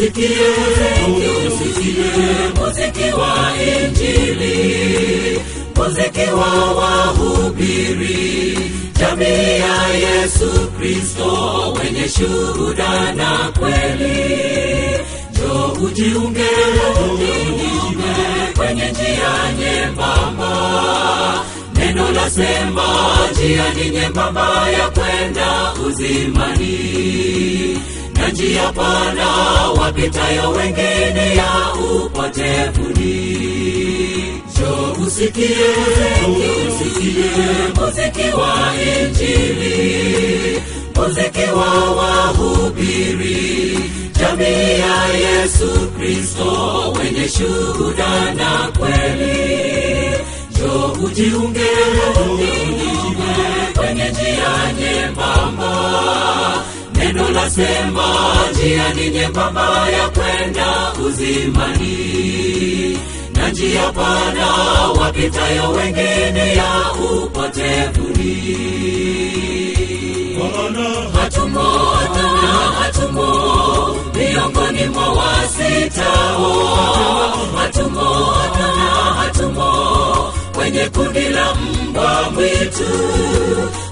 usikie, usikie muziki wa Injili, muziki wa wahubiri, jamii ya Yesu Kristo wenye shuhuda na kweli. Jo ujiunge, ujiunge kwenye njia nyembamba, neno la sema njia ni nyembamba ya kwenda uzimani na njia pana wapitayo wengine ya upotevuni. Jo, usikie usikie muziki wa Injili, muziki wa wahubiri jamii ya Yesu Kristo wenye shuhuda na kweli. Jo, ujiunge kwenye njia nyembamba Neno sema njia ni nyembamba ya kwenda uzimani, na njia pana wapitayo wengine ya upotevuni. Hatumo, tena hatumo miongoni mwa wasitao, hatumo, tena hatumo kwenye kundi la mbwa mwitu,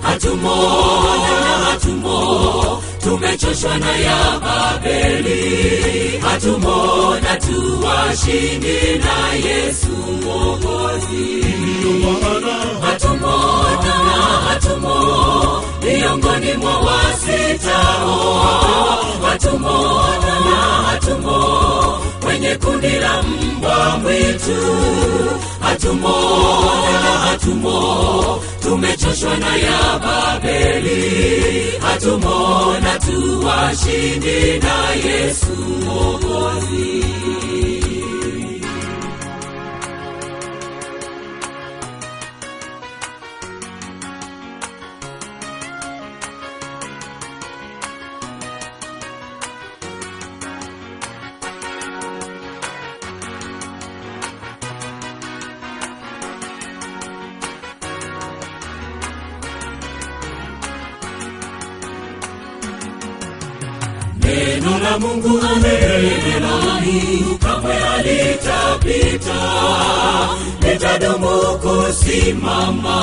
hatumo tumechoshwa na ya Babeli, hatumona washindi na Yesu Mwokozi moto na tumo miongoni mwa wasitao watumo na mbwa mwitu hatumo na hatumo tumechoshwa na ya babeli hatumona tuwashindi na yesu mokozi Neno la Mungu kamwe alitapita litadumu kusimama,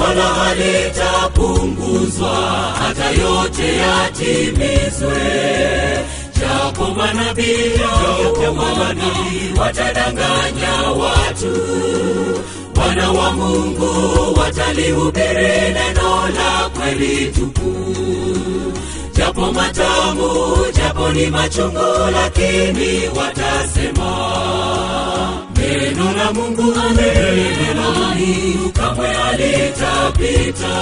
wala halitapunguzwa, hata yote yatimizwe japo manabii japo manabii watadanganya watu wana wa Mungu watalihubiri neno la kweli tupu japo matamu japo ni machungu lakini watasema neno la Mungu neno kamwe halitapita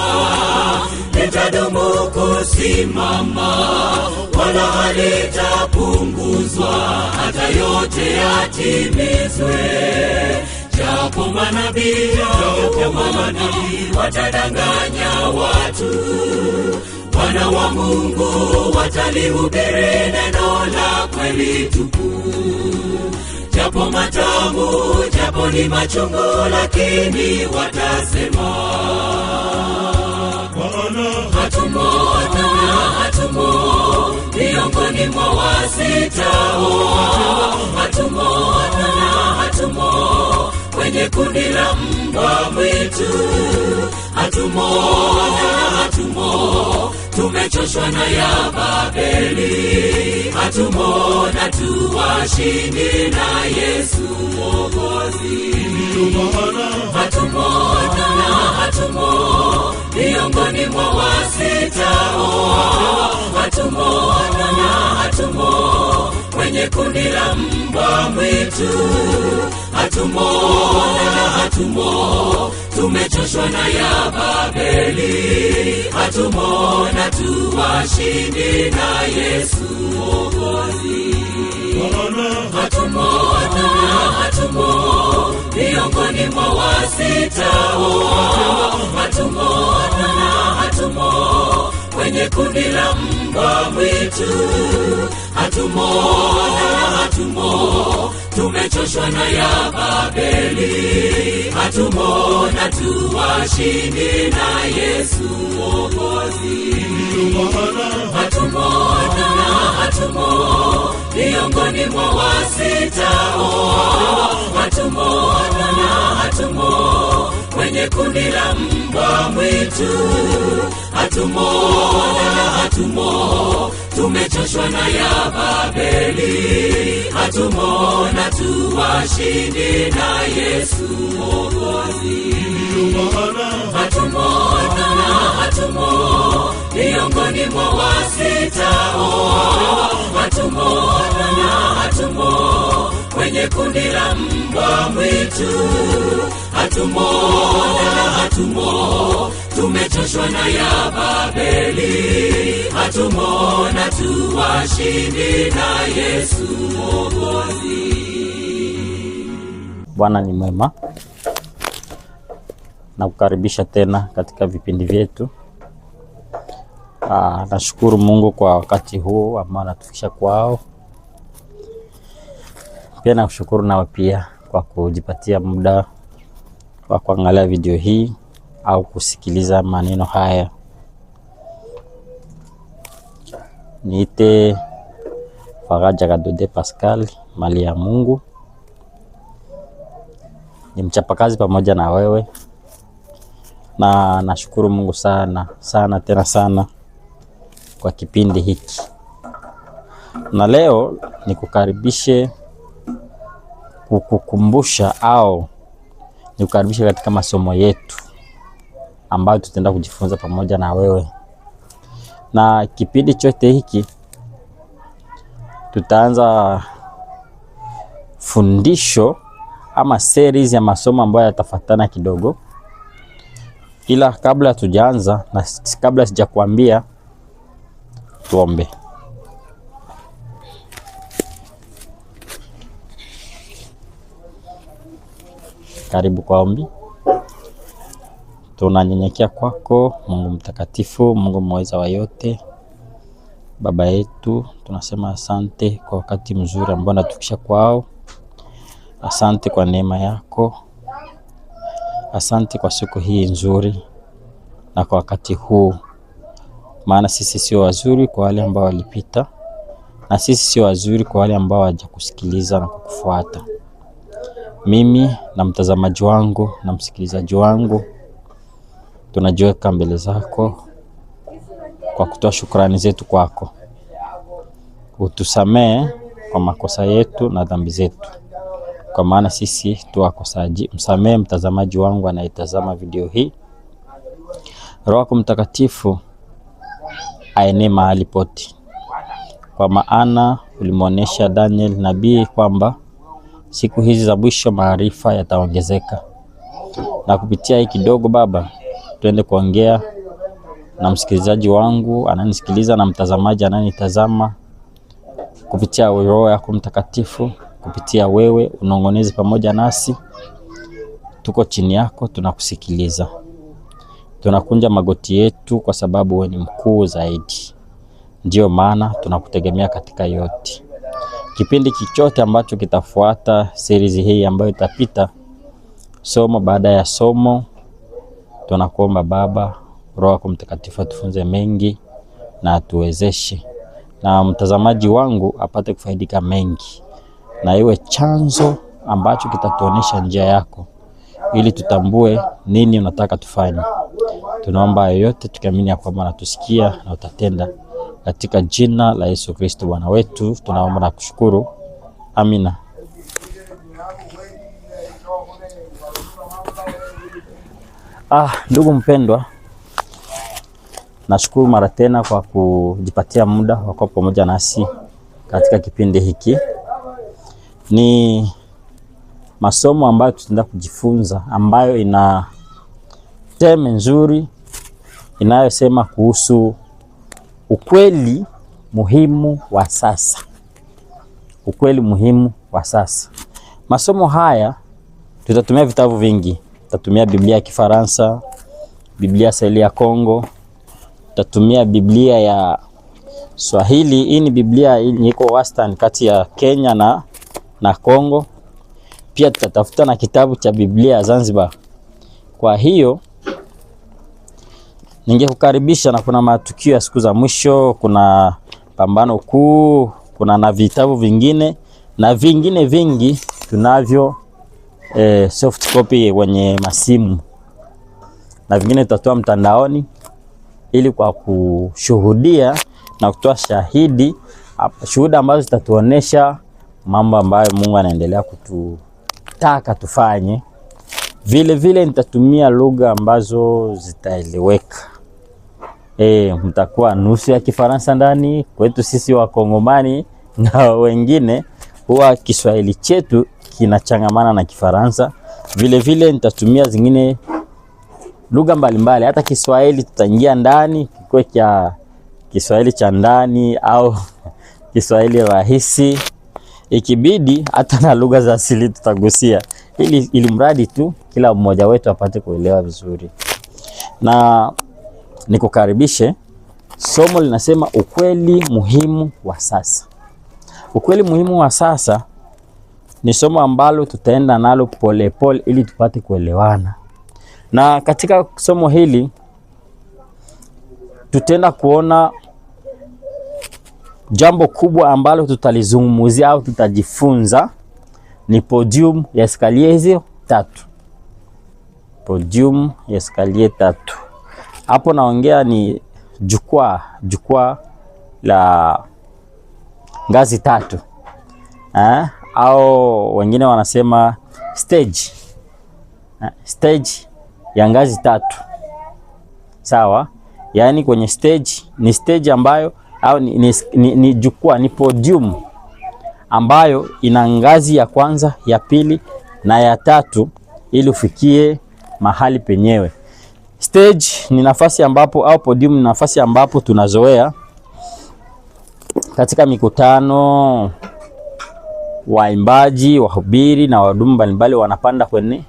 litadumu kusimama wala halita yatapunguzwa hata yote yatimizwe japo manabii watadanganya watu wana wa mungu watalihubiri neno la kweli tuku japo matamu japo ni machungu lakini watasema mwa wasitaoa, hatumo wapala, hatumo kwenye kundi la mbwa mwitu, hatumo wala hatumo, tumechoshwa na ya Babeli, hatumo na tuwashindi na Yesu Mwokozi, hatumo wala hatumo miongoni mwa wasitaoa, hatumo kundi la mbwa mwitu hatumo na hatumo tumechoshwa na ya babeli hatumo na tuwashindi na yesu mwokozi hatumo na hatumo miongoni mwa wasitao hatumo na hatumo kwenye kundi la mbwa mwitu. Hatumo na hatumo, tumechoshwa na ya Babeli. Hatumo na tuwashindi na Yesu Mwokozi. Hatumo na hatumo, miongoni mwa wasitao. Hatumo na kundi la mbwa mwitu, hatumo dada, hatumo, tumechoshwa na ya Babeli, hatumo na tuwashindi na Yesu Mwokozi, hatumo dada, hatumo miongoni mwa wasitao oh, hatumo na matumbo kwenye kundi la mbwa mwitu hatumo na hatumo tumechoshwa na ya babeli hatumo na tuwashindi na yesu mogozi bwana ni mwema na kukaribisha tena katika vipindi vyetu Ah, nashukuru Mungu kwa wakati huu ambao anatufikisha kwao. Pia nakushukuru nawe pia kwa kujipatia muda wa kuangalia video hii au kusikiliza maneno haya. Niite Faraja Kadode Pascal, mali ya Mungu, ni mchapakazi pamoja na wewe, na nashukuru Mungu sana sana tena sana kwa kipindi hiki, na leo nikukaribishe kukukumbusha au nikukaribishe katika masomo yetu ambayo tutaenda kujifunza pamoja na wewe, na kipindi chote hiki tutaanza fundisho ama series ya masomo ambayo yatafatana kidogo, ila kabla tujaanza na kabla sijakwambia tuombe. Karibu kwa ombi. Tunanyenyekea kwako Mungu mtakatifu, Mungu mweza wa yote. Baba yetu, tunasema asante kwa wakati mzuri ambao natukisha kwao. Asante kwa neema yako, asante kwa siku hii nzuri na kwa wakati huu maana sisi sio wazuri kwa wale ambao walipita, na sisi sio wazuri kwa wale ambao hawajakusikiliza na kukufuata. Mimi na mtazamaji wangu na msikilizaji wangu tunajiweka mbele zako kwa kutoa shukrani zetu kwako, utusamee kwa makosa yetu na dhambi zetu, kwa maana sisi tu wakosaji. Msamee mtazamaji wangu anayetazama video hii. Roho Mtakatifu aenee mahali pote, kwa maana ulimwonyesha Daniel nabii kwamba siku hizi za mwisho maarifa yataongezeka. Na kupitia hii kidogo, Baba, tuende kuongea na msikilizaji wangu ananisikiliza na mtazamaji ananitazama kupitia Roho yako Mtakatifu, kupitia wewe unongonezi pamoja nasi, tuko chini yako, tunakusikiliza tunakunja magoti yetu kwa sababu wewe ni mkuu zaidi. Ndiyo maana tunakutegemea katika yote. Kipindi kichote ambacho kitafuata, series hii ambayo itapita somo baada ya somo, tunakuomba Baba, Roho yako Mtakatifu atufunze mengi na atuwezeshe, na mtazamaji wangu apate kufaidika mengi, na iwe chanzo ambacho kitatuonesha njia yako, ili tutambue nini unataka tufanye. Tunaomba yoyote tukiamini ya kwamba unatusikia na utatenda, katika jina la Yesu Kristo Bwana wetu tunaomba na kushukuru, amina. Ah, ndugu mpendwa, nashukuru mara tena kwa kujipatia muda wa kuwa pamoja nasi katika kipindi hiki. Ni masomo ambayo tutaenda kujifunza ambayo ina teme nzuri inayosema kuhusu ukweli muhimu wa sasa, ukweli muhimu wa sasa. Masomo haya tutatumia vitabu vingi, tutatumia Biblia ya Kifaransa, Biblia Swahili ya Kongo, tutatumia Biblia ya Swahili. Hii ni Biblia iko wastan kati ya Kenya na na Kongo. Pia tutatafuta na kitabu cha Biblia ya Zanzibar. Kwa hiyo ningekukaribisha na kuna matukio ya siku za mwisho, kuna pambano kuu, kuna na vitabu vingine na vingine vingi tunavyo eh, soft copy kwenye masimu na vingine tutatoa mtandaoni ili kwa kushuhudia na kutoa shahidi shuhuda ambazo zitatuonesha mambo ambayo Mungu anaendelea kututaka tufanye. Vile vile nitatumia lugha ambazo zitaeleweka e, mtakuwa nusu ya Kifaransa ndani kwetu sisi Wakongomani na wengine huwa Kiswahili chetu kinachangamana na Kifaransa vilevile. Nitatumia zingine lugha mbalimbali, hata Kiswahili tutaingia ndani, kikuwe cha Kiswahili cha ndani au Kiswahili rahisi, ikibidi hata na lugha za asili tutagusia, ili ili mradi tu kila mmoja wetu apate kuelewa vizuri na Nikukaribishe. Somo linasema ukweli muhimu wa sasa. Ukweli muhimu wa sasa ni somo ambalo tutaenda nalo polepole pole, ili tupate kuelewana. Na katika somo hili tutaenda kuona jambo kubwa ambalo tutalizungumzia au tutajifunza ni podium ya skalie hizo tatu, podium ya skalie tatu. Hapo naongea ni jukwaa jukwaa la ngazi tatu eh, ha? au wengine wanasema stage ha? Eh, stage ya ngazi tatu sawa. Yaani kwenye stage ni stage ambayo au ni, ni, ni, ni jukwaa ni podium ambayo ina ngazi ya kwanza, ya pili na ya tatu ili ufikie mahali penyewe. Stage ni nafasi ambapo au podium ni nafasi ambapo tunazoea katika mikutano, waimbaji, wahubiri na wahudumu mbalimbali wanapanda kwenye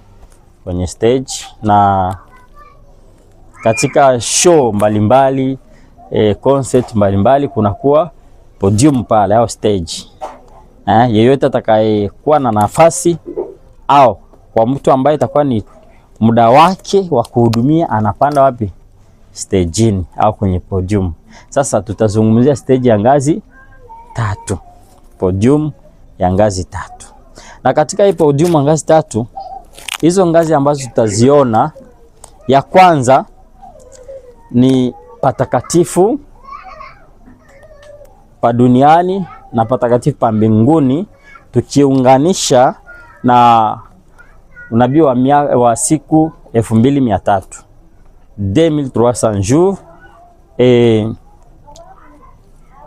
kwenye stage na katika show mbalimbali e, concert mbalimbali kunakuwa podium pale au stage. Eh, yeyote atakayekuwa na nafasi au kwa mtu ambaye itakuwa ni muda wake wa kuhudumia anapanda wapi? Stejini au kwenye podium. Sasa tutazungumzia stage ya ngazi tatu, podium ya ngazi tatu. Na katika hii podium ya ngazi tatu, hizo ngazi ambazo tutaziona, ya kwanza ni patakatifu pa duniani na patakatifu pa mbinguni, tukiunganisha na unabii wa, wa siku elfu mbili mia tatu 2300 jours e,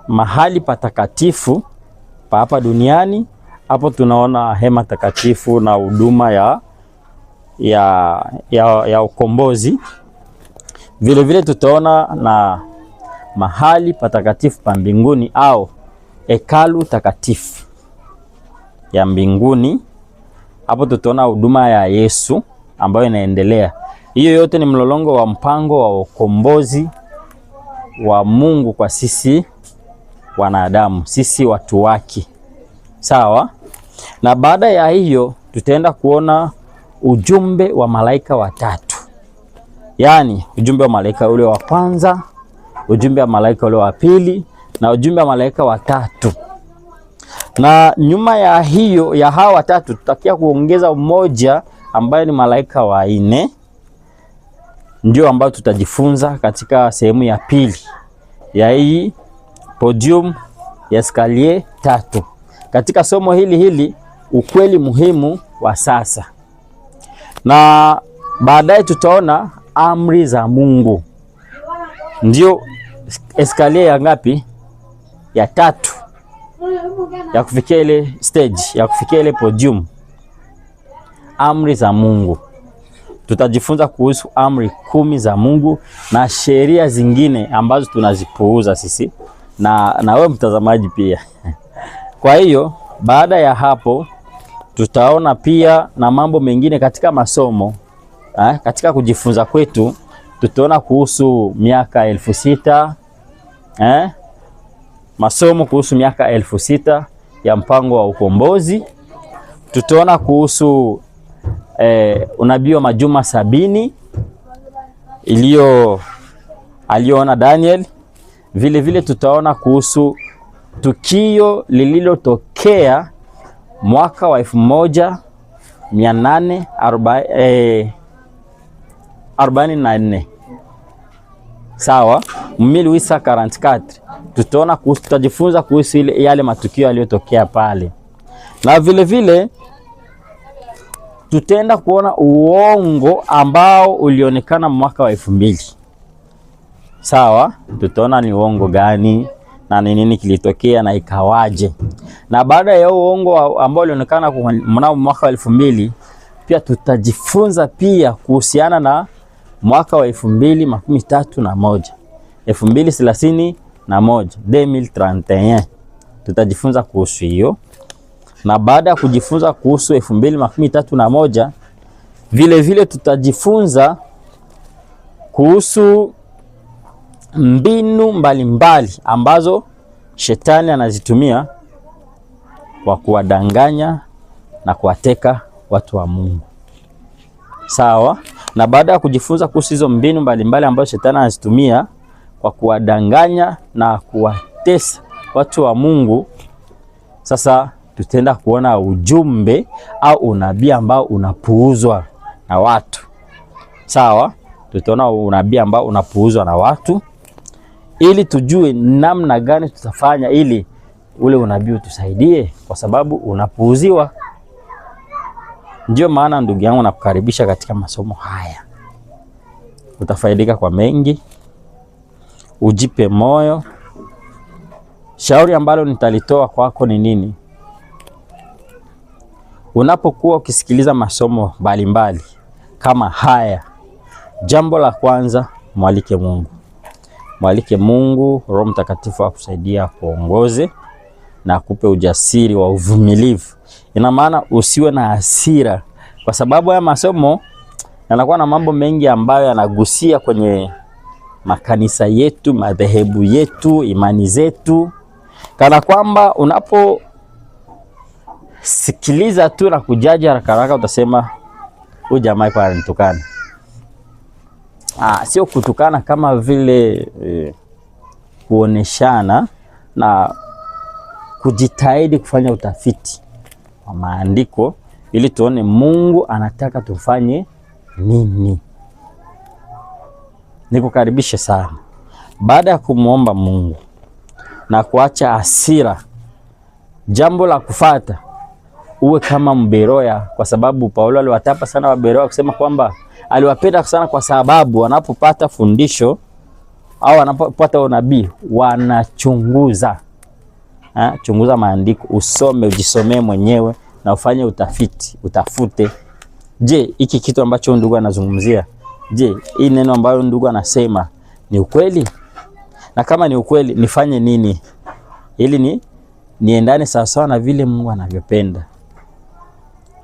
mahali patakatifu pa hapa duniani. Hapo tunaona hema takatifu na huduma ya, ya, ya, ya ukombozi. Vilevile tutaona na mahali patakatifu pa mbinguni au hekalu takatifu ya mbinguni hapo tutaona huduma ya Yesu ambayo inaendelea. Hiyo yote ni mlolongo wa mpango wa ukombozi wa Mungu kwa sisi wanadamu, sisi watu wake. Sawa? Na baada ya hiyo tutaenda kuona ujumbe wa malaika watatu, yaani ujumbe wa malaika ule wa kwanza, ujumbe wa malaika ule wa pili na ujumbe wa malaika watatu na nyuma ya hiyo ya hawa watatu tutakia kuongeza mmoja ambaye ni malaika wa nne, ndio ambayo tutajifunza katika sehemu ya pili ya hii podium ya skalie tatu katika somo hili hili ukweli muhimu wa sasa, na baadaye tutaona amri za Mungu, ndio eskalie ya ngapi? Ya tatu ya kufikia ile stage ya kufikia ile podium, amri za Mungu. Tutajifunza kuhusu amri kumi za Mungu na sheria zingine ambazo tunazipuuza sisi na, na wewe mtazamaji pia. Kwa hiyo baada ya hapo tutaona pia na mambo mengine katika masomo eh, katika kujifunza kwetu tutaona kuhusu miaka elfu sita eh, masomo kuhusu miaka elfu sita ya mpango wa ukombozi. Tutaona kuhusu eh, unabii wa majuma sabini iliyo aliyoona Daniel. Vile vile tutaona kuhusu tukio lililotokea mwaka wa elfu moja mia nane eh, arobaini na nne sawa 1844 tutaona tutajifunza kuhusu yale matukio yaliyotokea pale, na vile vile tutaenda kuona uongo ambao ulionekana mwaka wa elfu mbili. Sawa, tutaona ni uongo gani na ni nini kilitokea na ikawaje, na baada ya uongo ambao ulionekana mnamo mwaka wa elfu mbili pia tutajifunza pia kuhusiana na mwaka wa elfu mbili makumi tatu na moja elfu mbili thelathini na moja 2031 tutajifunza kuhusu hiyo, na baada ya kujifunza kuhusu elfu mbili makumi tatu na moja vile vile tutajifunza kuhusu mbinu mbalimbali mbali ambazo shetani anazitumia kwa kuwadanganya na kuwateka watu wa Mungu. Sawa, na baada ya kujifunza kuhusu hizo mbinu mbalimbali mbali ambazo shetani anazitumia kwa kuwadanganya na kuwatesa watu wa Mungu. Sasa tutaenda kuona ujumbe au unabii ambao unapuuzwa na watu. Sawa, tutaona unabii ambao unapuuzwa na watu ili tujue namna gani tutafanya ili ule unabii utusaidie, kwa sababu unapuuziwa. Ndio maana ndugu yangu, nakukaribisha katika masomo haya, utafaidika kwa mengi ujipe moyo. Shauri ambalo nitalitoa kwako ni nini? Unapokuwa ukisikiliza masomo mbalimbali kama haya, jambo la kwanza, mwalike Mungu, mwalike Mungu. Roho Mtakatifu akusaidia kuongoze na akupe ujasiri wa uvumilivu. Ina maana usiwe na hasira, kwa sababu haya masomo yanakuwa na mambo mengi ambayo yanagusia kwenye makanisa yetu, madhehebu yetu, imani zetu, kana kwamba unaposikiliza tu na kujaji haraka haraka utasema huyu jamaa kwa anitukana. Ah, sio kutukana kama vile eh, kuoneshana na kujitahidi kufanya utafiti wa maandiko ili tuone Mungu anataka tufanye nini nikukaribishe sana. Baada ya kumwomba Mungu na kuacha hasira, jambo la kufata uwe kama Mberoya, kwa sababu Paulo aliwatapa sana Waberoya kusema kwamba aliwapenda sana kwa sababu wanapopata fundisho au wanapopata unabii wanachunguza. Ha, chunguza maandiko, usome, ujisomee mwenyewe na ufanye utafiti, utafute. Je, hiki kitu ambacho ndugu anazungumzia Je, hii neno ambayo ndugu anasema ni ukweli? Na kama ni ukweli, nifanye nini ili ni niendane sawasawa na vile Mungu anavyopenda?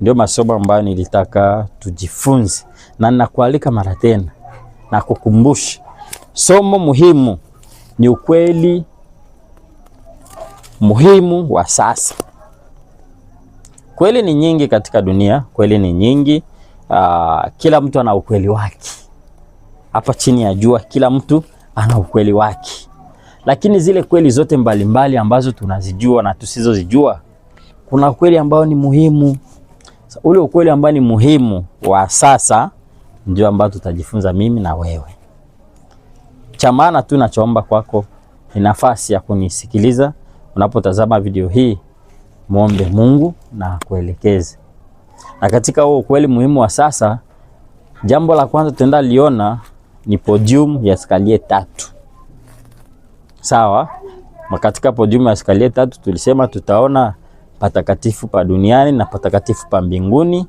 Ndio masomo ambayo nilitaka tujifunze, na ninakualika mara tena na kukumbusha somo muhimu ni ukweli muhimu wa sasa. Kweli ni nyingi katika dunia, kweli ni nyingi Ah, kila mtu ana ukweli wake hapa chini ya jua, kila mtu ana ukweli wake, lakini zile kweli zote mbalimbali mbali ambazo tunazijua na tusizozijua, kuna ukweli ambao ni muhimu. Ule ukweli ambao ni muhimu wa sasa ndio ambao tutajifunza mimi na wewe. Cha maana tu nachoomba kwako ni nafasi ya kunisikiliza unapotazama video hii, muombe Mungu na akuelekeze na katika huo ukweli muhimu wa sasa, jambo la kwanza tutaenda liona ni podium ya skalie tatu, sawa. Katika podium ya skalie tatu tulisema tutaona patakatifu pa duniani na patakatifu pa mbinguni.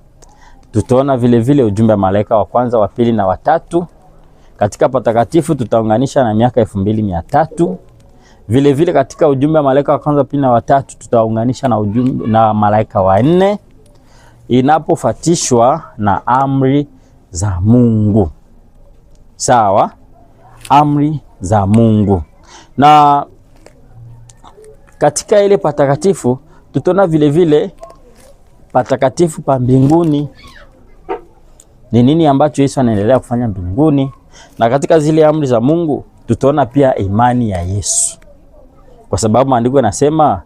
Tutaona vile vile ujumbe wa malaika wa kwanza, wa pili na watatu. Katika patakatifu tutaunganisha na miaka elfu mbili mia tatu. Vile vile katika ujumbe wa malaika wa kwanza, pili na watatu tutaunganisha na ujumbe na malaika wanne inapofatishwa na amri za Mungu. Sawa, amri za Mungu. Na katika ile patakatifu tutaona vile vile patakatifu pa mbinguni ni nini ambacho Yesu anaendelea kufanya mbinguni, na katika zile amri za Mungu tutaona pia imani ya Yesu, kwa sababu maandiko yanasema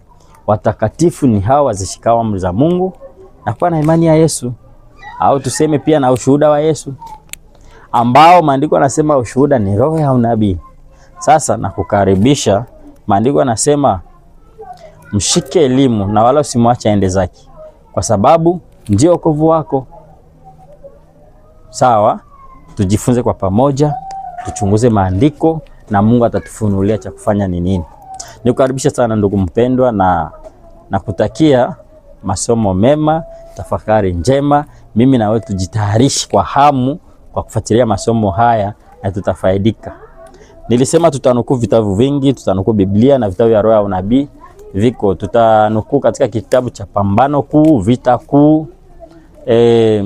watakatifu ni hawa wazishikao amri za Mungu na kuwa na imani ya Yesu au tuseme pia na ushuhuda wa Yesu ambao maandiko anasema ushuhuda ni roho ya unabii. Sasa nakukaribisha, maandiko anasema mshike elimu na wala usimwache aende zake, kwa sababu ndio wokovu wako. Sawa, tujifunze kwa pamoja, tuchunguze maandiko na Mungu atatufunulia cha kufanya ni nini. Nikukaribisha sana ndugu mpendwa, na nakutakia masomo mema, tafakari njema. Mimi na wewe tujitayarishe kwa hamu kwa kufuatilia masomo haya na tutafaidika. Nilisema tutanukuu vitabu vingi, tutanukuu Biblia na vitabu vya roho ya unabii viko, tutanukuu katika kitabu cha Pambano Kuu, Vita Kuu, e, eh,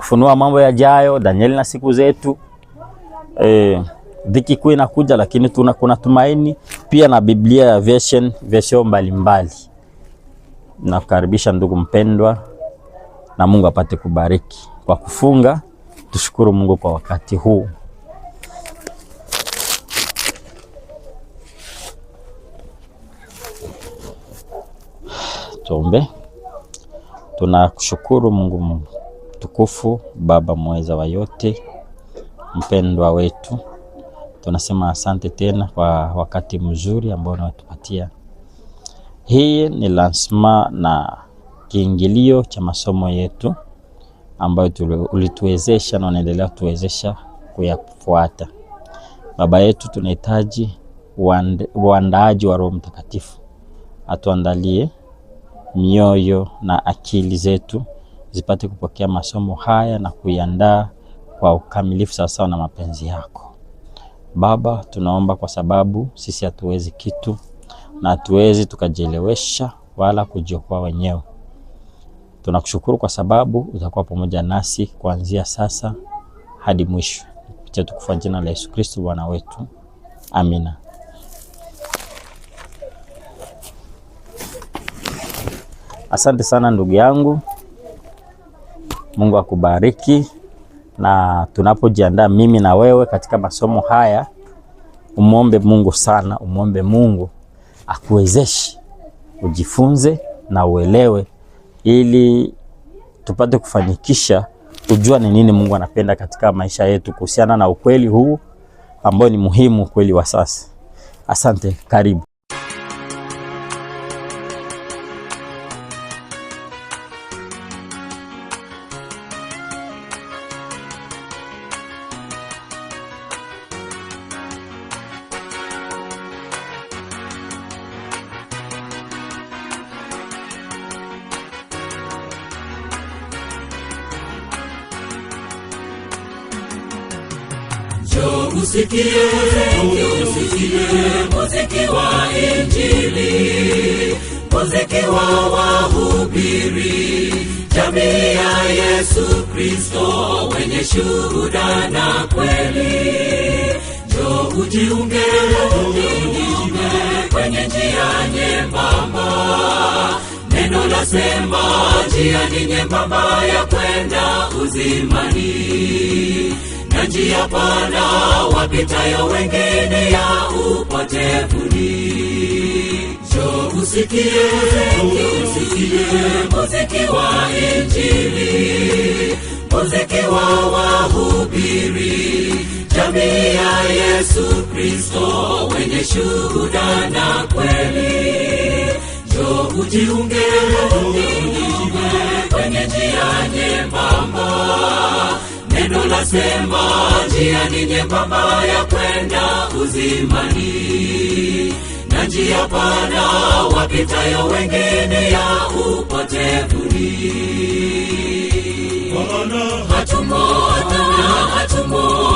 Funua Mambo Yajayo, Danieli na Siku Zetu, e, Dhiki Kuu inakuja, lakini tuna kuna tumaini pia na Biblia version version mbalimbali. Nakukaribisha ndugu mpendwa, na Mungu apate kubariki kwa kufunga. Tushukuru Mungu kwa wakati huu. Tuombe. Tunakushukuru Mungu mtukufu, Baba mweza wa yote, mpendwa wetu, tunasema asante tena kwa wakati mzuri ambao unatupatia hii ni lazima na kiingilio cha masomo yetu ambayo ulituwezesha na unaendelea kutuwezesha kuyafuata. Baba yetu, tunahitaji uandaaji wa Roho Mtakatifu, atuandalie mioyo na akili zetu zipate kupokea masomo haya na kuiandaa kwa ukamilifu sawasawa na mapenzi yako. Baba, tunaomba kwa sababu sisi hatuwezi kitu na hatuwezi tukajielewesha wala kujiokoa wenyewe. Tunakushukuru kwa sababu utakuwa pamoja nasi kuanzia sasa hadi mwisho, kupitia tukufa jina la Yesu Kristo Bwana wetu, amina. Asante sana ndugu yangu, Mungu akubariki. Na tunapojiandaa mimi na wewe katika masomo haya, umwombe Mungu sana, umwombe Mungu akuwezeshe ujifunze na uelewe, ili tupate kufanikisha kujua ni nini Mungu anapenda katika maisha yetu kuhusiana na ukweli huu ambao ni muhimu, ukweli wa sasa. Asante, karibu. kwenye njia nyembamba. Neno la sema njia ni nyembamba ya kwenda uzimani, na njia pana wapitayo wengine ya upotevuni. Jo, usikie usikie muziki wa Injili, muziki wa wahubiri jamii ya Yesu Kristo wenye shuhuda na kweli, jo ujiunge uniwe kwenye njia nyembamba. Neno sema njia ni nyembamba ya kwenda uzimani, na njia pana wapitayo wengine ya upotevuni. Hatumo tena, hatumo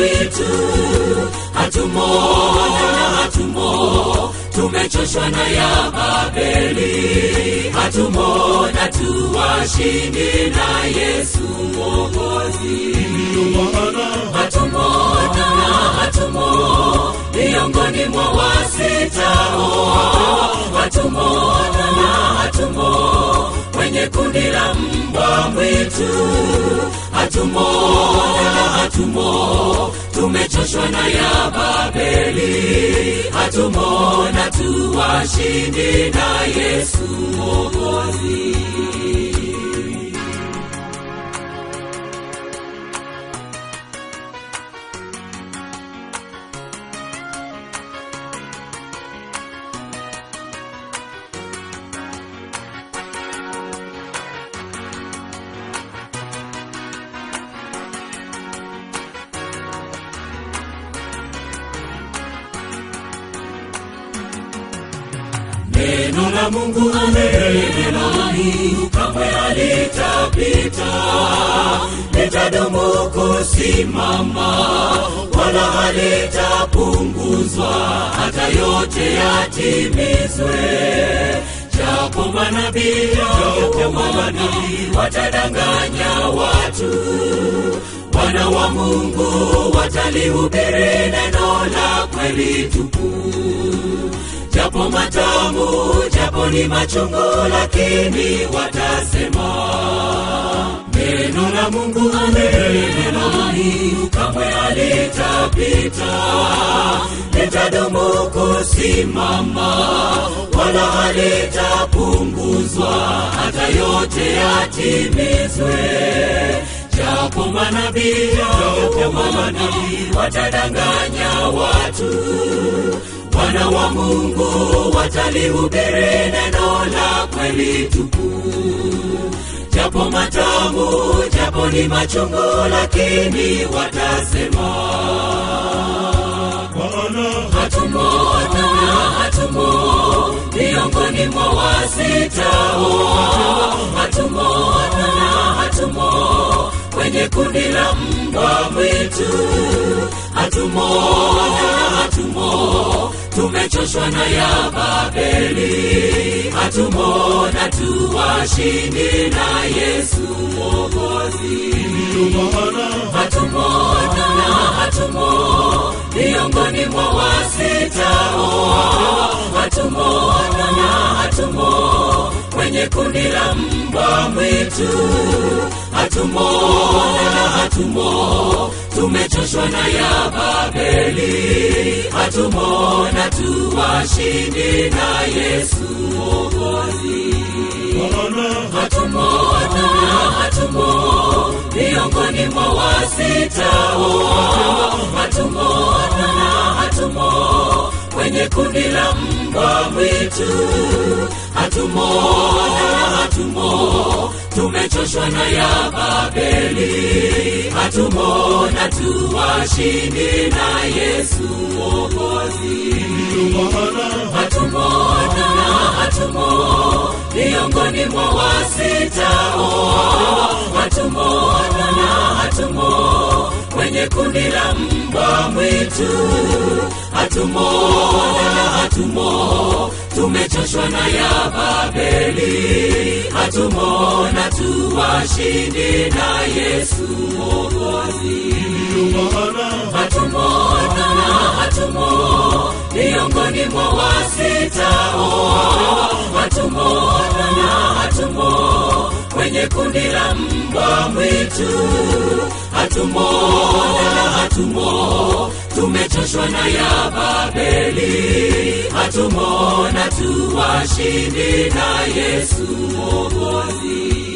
wetu hatumo na hatumo tumechoshwa na ya babeli hatumo na tuwashindi na yesu mwokozi hatumo na hatumo miongoni mwa wasitao hatumo na hatumo kwenye kundi la mbwa mwitu. Hatumo dada, hatumo, tumechoshwa na ya Babeli. Hatumo na tuwashindi na Yesu Mwokozi. na Mungu amerejea kamwe alitapita litadumu kusimama, wala halitapunguzwa, hata yote yatimizwe. Japo manabii japo manabii watadanganya watu, wana wa Mungu watalihubere neno la kweli tupu japo matamu, japo ni machungu, lakini watasema neno la Mungu amelemani, kamwe alitapita litadumu kusimama, wala halitapunguzwa, hata yote yatimizwe. Japo manabii, japo watadanganya watu Wana wa Mungu watalihubiri neno la kweli tupu, japo matamu, japo ni machungu, lakini watasema Bwana hatumo matumo miongoni mwa wasitao hatumo na hatumo kwenye kundi la mbwa mwitu hatumo na hatumo tumechoshwa na ya babeli hatumo na Yesu washindi na Yesu mwokozi. Hatumo na hatumo miongoni mwa wasitao, hatumo na hatumo kwenye kundi la mbwa mwitu hatumo na hatumo, tumechoshwa na ya Babeli, hatumo na tuwashindi na Yesu Mwokozi. Hatumo na hatumo, miongoni mwa wasitao, hatumo na hatumo hatumo kwenye kundi la mbwa mwitu, hatumo na hatumo, tumechoshwa na ya Babeli, hatumo na tuwashindi na Yesu Mwokozi, hatumo na hatumo, miongoni mwa wasitao, hatumo na hatumo kwenye kundi la mbwa mwitu hatumo wala hatumo, tumechoshwa na ya Babeli, hatumo na tuwashindi na Yesu Mwokozi. Hatumo na hatumo, miongoni mwa wasitao, hatumo na hatumo kwenye kundi la mbwa mwitu, hatumo na hatumo tumechoshwa na ya Babeli, hatumona tuwashindi na Yesu Mwokozi.